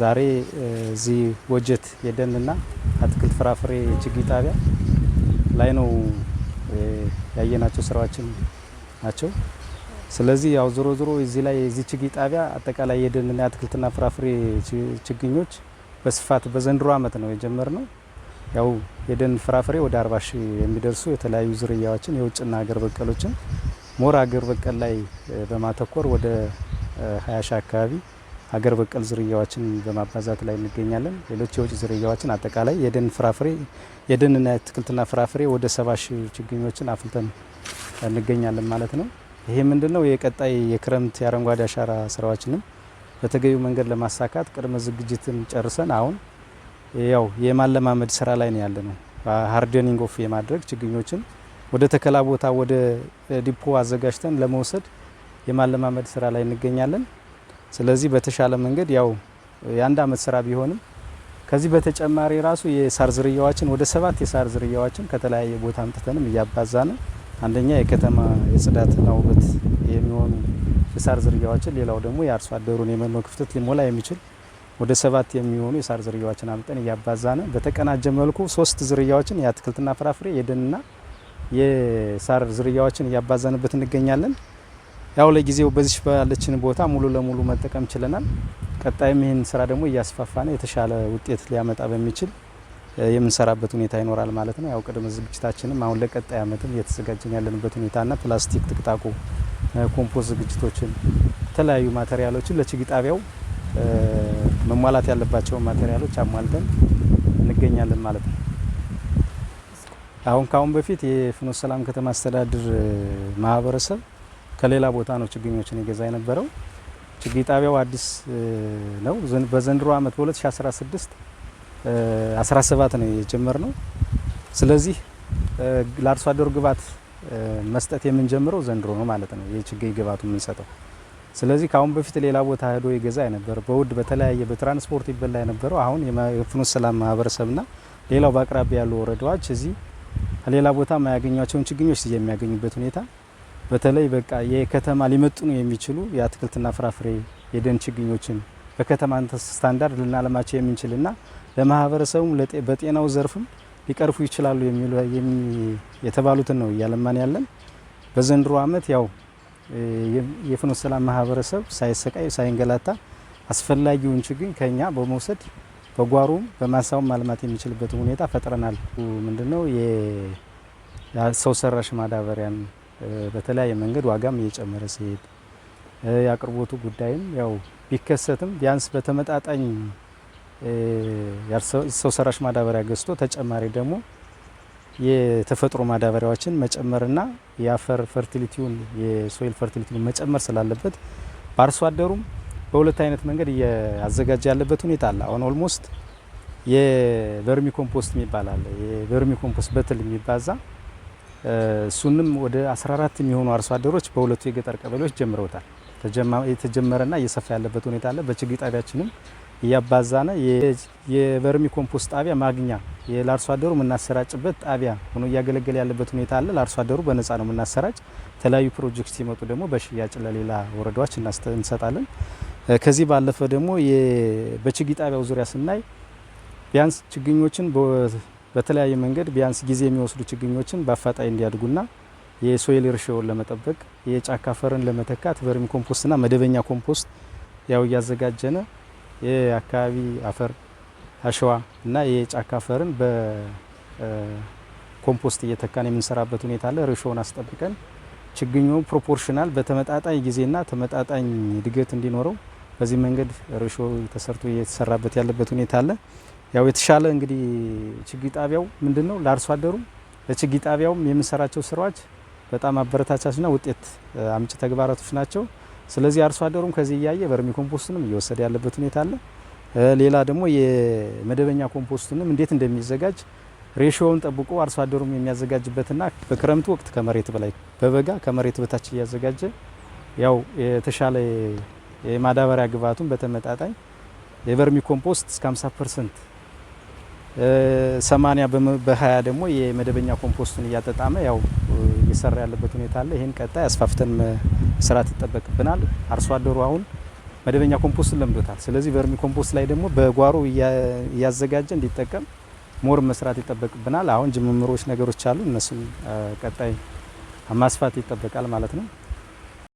ዛሬ እዚህ ወጀት የደንና አትክልት ፍራፍሬ ችግኝ ጣቢያ ላይ ነው ያየናቸው ስራዎችን ናቸው። ስለዚህ ያው ዞሮ ዞሮ እዚህ ላይ የዚህ ችግኝ ጣቢያ አጠቃላይ የደንና የአትክልትና ፍራፍሬ ችግኞች በስፋት በዘንድሮ ዓመት ነው የጀመርነው። ያው የደን ፍራፍሬ ወደ 40 ሺ የሚደርሱ የተለያዩ ዝርያዎችን የውጭና ሀገር በቀሎችን ሞራ ሀገር በቀል ላይ በማተኮር ወደ 20 ሺህ አካባቢ ሀገር በቀል ዝርያዎችን በማባዛት ላይ እንገኛለን። ሌሎች የውጭ ዝርያዎችን አጠቃላይ የደን ፍራፍሬ የደንና የአትክልትና ፍራፍሬ ወደ ሰባ ችግኞችን አፍልተን እንገኛለን ማለት ነው። ይሄ ምንድን ነው የቀጣይ የክረምት የአረንጓዴ አሻራ ስራዎችንም በተገቢው መንገድ ለማሳካት ቅድመ ዝግጅትን ጨርሰን አሁን ያው የማለማመድ ስራ ላይ ነው ያለ ነው። ሃርደኒንግ ኦፍ የማድረግ ችግኞችን ወደ ተከላ ቦታ ወደ ዲፖ አዘጋጅተን ለመውሰድ የማለማመድ ስራ ላይ እንገኛለን። ስለዚህ በተሻለ መንገድ ያው የአንድ አመት ስራ ቢሆንም ከዚህ በተጨማሪ ራሱ የሳር ዝርያዎችን ወደ ሰባት የሳር ዝርያዎችን ከተለያየ ቦታ አምጥተንም ነው። አንደኛ የከተማ የጽዳትና ውበት የሚሆኑ የሳር ዝርያዎችን፣ ሌላው ደግሞ የአርሶ አደሩን የመኖ ክፍተት ሊሞላ የሚችል ወደ ሰባት የሚሆኑ የሳር ዝርያዎችን አምጠን ነው። በተቀናጀ መልኩ ሶስት ዝርያዎችን የአትክልትና ፍራፍሬ የደንና የሳር ዝርያዎችን እያባዛንበት እንገኛለን። ያው ለጊዜው በዚህ ባለችን ቦታ ሙሉ ለሙሉ መጠቀም ችለናል። ቀጣይም ይህን ስራ ደግሞ እያስፋፋና የተሻለ ውጤት ሊያመጣ በሚችል የምንሰራበት ሁኔታ ይኖራል ማለት ነው። ያው ቅድመ ዝግጅታችንም አሁን ለቀጣይ አመትም እየተዘጋጀን ያለንበት ሁኔታና ፕላስቲክ ጥቅጣቁ፣ ኮምፖስት ዝግጅቶችን የተለያዩ ማቴሪያሎችን ለችግኝ ጣቢያው መሟላት ያለባቸውን ማቴሪያሎች አሟልተን እንገኛለን ማለት ነው። አሁን ካሁን በፊት የፍኖተ ሰላም ከተማ አስተዳደር ማህበረሰብ ከሌላ ቦታ ነው ችግኞችን የገዛ የነበረው። ችግኝ ጣቢያው አዲስ ነው። በዘንድሮ ዓመት በ2016 17 ነው የጀመር ስለዚህ ለአርሶ አደሩ ግብዓት መስጠት የምንጀምረው ዘንድሮ ነው ማለት ነው፣ የችግኝ ግባቱ የምንሰጠው። ስለዚህ ከአሁን በፊት ሌላ ቦታ ሄዶ ይገዛ የነበረ በውድ በተለያየ በትራንስፖርት ይበላ የነበረው አሁን የፍኖተ ሰላም ማህበረሰብና ሌላው በአቅራቢያ ያሉ ወረዳዎች እዚህ ከሌላ ቦታ ማያገኟቸውን ችግኞች የሚያገኙበት ሁኔታ በተለይ በቃ የከተማ ሊመጥኑ የሚችሉ የአትክልትና ፍራፍሬ የደን ችግኞችን በከተማ ስታንዳርድ ልናለማቸው የምንችልና ለማህበረሰቡም በጤናው ዘርፍም ሊቀርፉ ይችላሉ የሚሉ የተባሉትን ነው እያለማን ያለን። በዘንድሮ ዓመት ያው የፍኖተ ሰላም ማህበረሰብ ሳይሰቃይ ሳይንገላታ አስፈላጊውን ችግኝ ከኛ በመውሰድ በጓሮም በማሳውም ማልማት የሚችልበት ሁኔታ ፈጥረናል። ምንድነው የሰው ሰራሽ ማዳበሪያን በተለያየ መንገድ ዋጋም እየጨመረ ሲሄድ የአቅርቦቱ ጉዳይም ያው ቢከሰትም ቢያንስ በተመጣጣኝ ሰው ሰራሽ ማዳበሪያ ገዝቶ ተጨማሪ ደግሞ የተፈጥሮ ማዳበሪያዎችን መጨመርና የአፈር ፈርቲሊቲውን የሶይል ፈርቲሊቲውን መጨመር ስላለበት በአርሶ አደሩም በሁለት አይነት መንገድ እያዘጋጀ ያለበት ሁኔታ አለ። አሁን ኦልሞስት የቨርሚ ኮምፖስት የሚባል አለ። የቨርሚ ኮምፖስት በትል የሚባዛ እሱንም ወደ 14 የሚሆኑ አርሶ አደሮች በሁለቱ የገጠር ቀበሌዎች ጀምረውታል። የተጀመረና እየሰፋ ያለበት ሁኔታ አለ። በችግኝ ጣቢያችንም እያባዛነ የቨርሚ ኮምፖስት ጣቢያ ማግኛ ለአርሶ አደሩ የምናሰራጭበት ጣቢያ ሆኖ እያገለገለ ያለበት ሁኔታ አለ። ለአርሶ አደሩ በነፃ ነው የምናሰራጭ። የተለያዩ ፕሮጀክት ሲመጡ ደግሞ በሽያጭ ለሌላ ወረዳዎች እንሰጣለን። ከዚህ ባለፈ ደግሞ በችግኝ ጣቢያው ዙሪያ ስናይ ቢያንስ ችግኞችን በተለያየ መንገድ ቢያንስ ጊዜ የሚወስዱ ችግኞችን በአፋጣኝ እንዲያድጉና የሶይል ርሾውን ለመጠበቅ የጫካ አፈርን ለመተካት ቨርሚ ኮምፖስትና መደበኛ ኮምፖስት ያው እያዘጋጀነ የአካባቢ አፈር አሸዋ እና የጫካ አፈርን በኮምፖስት እየተካን የምንሰራበት ሁኔታ አለ። ርሾውን አስጠብቀን ችግኙ ፕሮፖርሽናል በተመጣጣኝ ጊዜና ተመጣጣኝ እድገት እንዲኖረው በዚህ መንገድ ርሾ ተሰርቶ እየተሰራበት ያለበት ሁኔታ አለ። ያው የተሻለ እንግዲህ ችግኝ ጣቢያው ምንድነው ለአርሶ አደሩ ለችግኝ ጣቢያውም የምንሰራቸው ስራዎች በጣም አበረታቻችና ውጤት አምጭ ተግባራቶች ናቸው። ስለዚህ አርሶ አደሩም ከዚህ እያየ በርሚ ኮምፖስትንም እየወሰደ ያለበት ሁኔታ አለ። ሌላ ደግሞ የመደበኛ ኮምፖስቱንም እንዴት እንደሚዘጋጅ ሬሽዮውን ጠብቆ አርሶ አደሩም የሚያዘጋጅበትና በክረምቱ ወቅት ከመሬት በላይ በበጋ ከመሬት በታች እያዘጋጀ ያው የተሻለ የማዳበሪያ ግብአቱን በተመጣጣኝ የቨርሚ ኮምፖስት እስከ 50 ፐርሰንት ሰማንያ በሀያ ደግሞ የመደበኛ ኮምፖስቱን እያጠጣመ ያው እየሰራ ያለበት ሁኔታ አለ። ይህን ቀጣይ አስፋፍተን ስራት ይጠበቅብናል። አርሶ አደሩ አሁን መደበኛ ኮምፖስትን ለምዶታል። ስለዚህ ቨርሚ ኮምፖስት ላይ ደግሞ በጓሮ እያዘጋጀ እንዲጠቀም ሞር መስራት ይጠበቅብናል። አሁን ጅምምሮች ነገሮች አሉ። እነሱም ቀጣይ ማስፋት ይጠበቃል ማለት ነው።